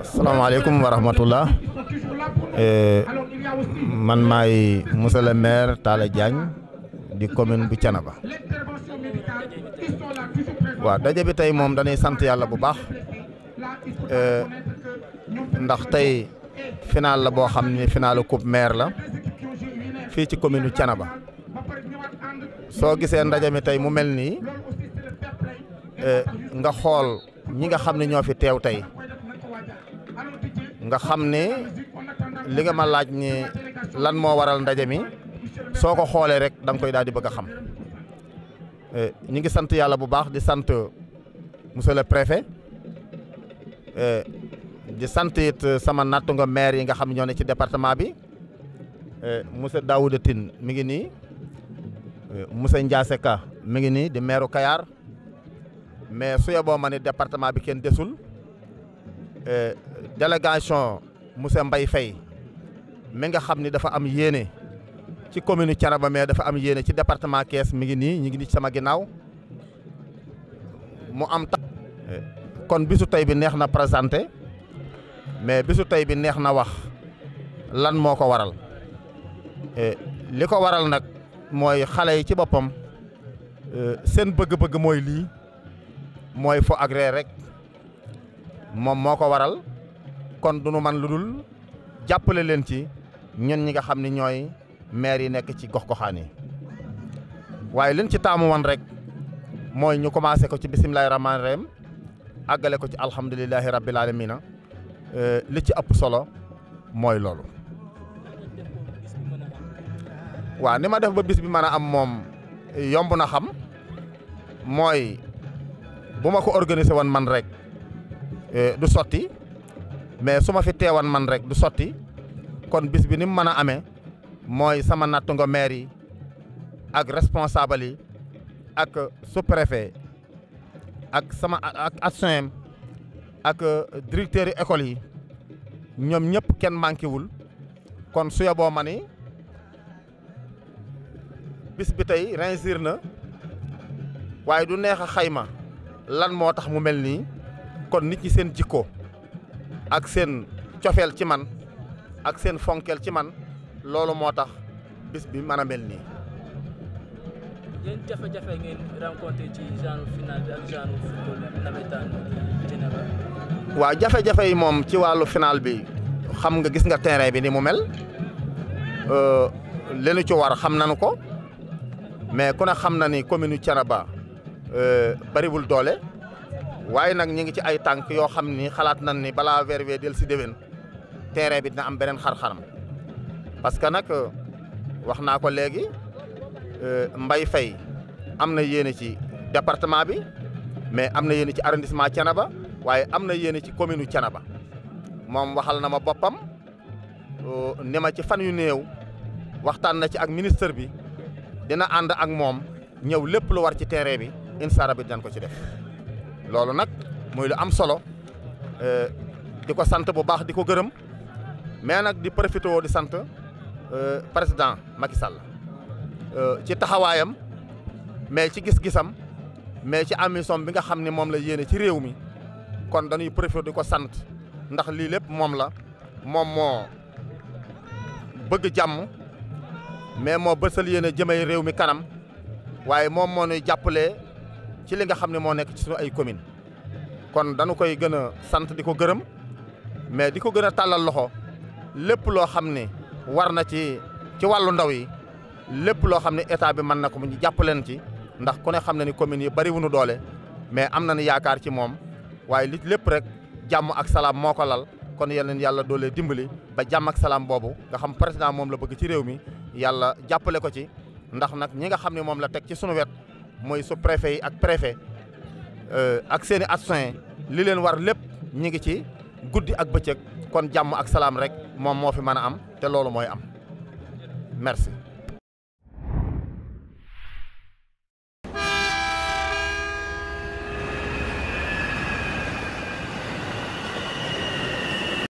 asalaamaaleykum wa rahmatullah eh, man maay monsieur le maire Talla Diagne di commune bu Thiénaba waaw daje bi tey moom dañuy sant yàlla bu baax eh, ndax tey final la boo xam ne finalu coupe maire la fii ci commune bu Thiénaba soo gisee ndaje mi tey mu mel nii eh, nga xool. ñi nga xam ne ñoo fi teew tey nga xam ne li nga ma laaj ni lan moo waral ndaje mi soo ko xoolee rek da koy daal di bëgg a xam euh, ñi ngi sant yàlla bu baax di sant monsieur le préfet euh, di sant it sama nattu nga maire yi nga xam ñoo ne ci département bi euh, monsieur Daouda Tine mi ngi nii monsieur Ndiassé Ka mi ngi nii di maire Kayar mais su yeboo ma ni département bi kenn desul eh, délégation monsieur mbay Faye mi nga xam ni dafa am yéene ci commune Thiénaba mais dafa am yéene ci département kees mi ngi nii ñu ngi nii sama ginnaaw mu am ta eh, kon bisu tey bi neex na présenté mais bisu tey bi neex na wax lan moo ko waral eh, li ko waral nag mooy xale yi ci boppam seen bëgg-bëgg mooy lii mooy fo ak rek moom moo ko waral kon dunu man lu dul jàppale leen ci ñun ñi nga xam ne ñooy maire yi nekk ci gox goxaan yi waaye leen ci taamu woon rek mooy ñu commencé ko ci bisimilahi rahmaani rahim àggale ko ci alhamdulilahi rabbil alamina euh, li ci ëpp solo mooy loolu waaw ni ma def ba bis bi mën a am moom yomb na xam mooy bu ma ko organiser woon man rek eh, du sotti mais su ma fi teewoon man rek du sotti kon bis bi ni mu mën a amee mooy sama nattango maire yi ak responsable yi ak sous-préfet ak sama ak adjoint ak directeur yi école yi ñoom ñëpp kenn manqué wul kon su yeboo ma ni bis bi tey réussir na waaye du neex a xayma lan moo tax mu mel nii kon nit ñi seen jikko ak seen cofeel ci man ak seen fonkeel ci man loolu moo tax bis bi man a mel nii. yan jafe-jafe ngeen rencontré ci genre final bi jafe-jafe yi moom ci wàllu final bi xam nga gis nga terrain bi ni mu mel euh, li nu ci war xam nanu ko mais ku ne xam na ni commune Thiénaba Euh, bariwul doole waaye nag ñu ngi ci ay tànk yoo xam ni xalaat nañ ni balaa weer wee del si déwén terrain bi dina am beneen xar parce que nag euh, wax naa ko léegi euh, mbay Faye am na yéene ci département bi mais am na yéene ci arrondissement Thiénaba waaye am na yéene ci commune u Thiénaba moom waxal na ma boppam ne ma ci fan yu néew waxtaan na ci ak ministre bi dina ànd ak moom ñëw lépp lu war ci terrain bi insa rabbi dinañ ko ci def loolu nag muy lu am solo euh, di ko sant bu baax di ko gërëm mais nag di profité woo di sant euh, président Macky Sall euh, ci taxawaayam mais ci gis-gisam mais ci ambition bi nga xam ni moom la yéene ci réew mi kon dañuy profité di ko sant ndax lii lépp moom la moom moo bëgg jàmm mais moo bësal yéene jëmay réew mi kanam waaye moom moo nuy jàppalee ci li nga xam ne moo nekk ci suñu ay commune kon dañu koy gën a sant di ko gërëm mais di ko gën a tàllal loxo lépp loo xam ne war na ci ci wàllu ndaw yi lépp loo xam ne état bi mën na ko mu ñu jàpp ci ndax ku ne xam na ni communes yi bari wuñu doole mais am na nañu yaakaar ci moom waaye li lépp rek jàmm ak salaam moo ko lal kon yal na yàlla doolee dimbali ba jàmm ak salaam boobu nga xam président moom la bëgg ci réew mi yàlla jàppale ko ci ndax nag ñi nga xam ne moom la teg ci sunu wet mooy su préfet yi ak préfet euh, ak seeni i li leen war lépp ñi ngi ci guddi ak bëccëg kon jàmm ak salaam rek moom moo fi mën a am te loolu mooy am merci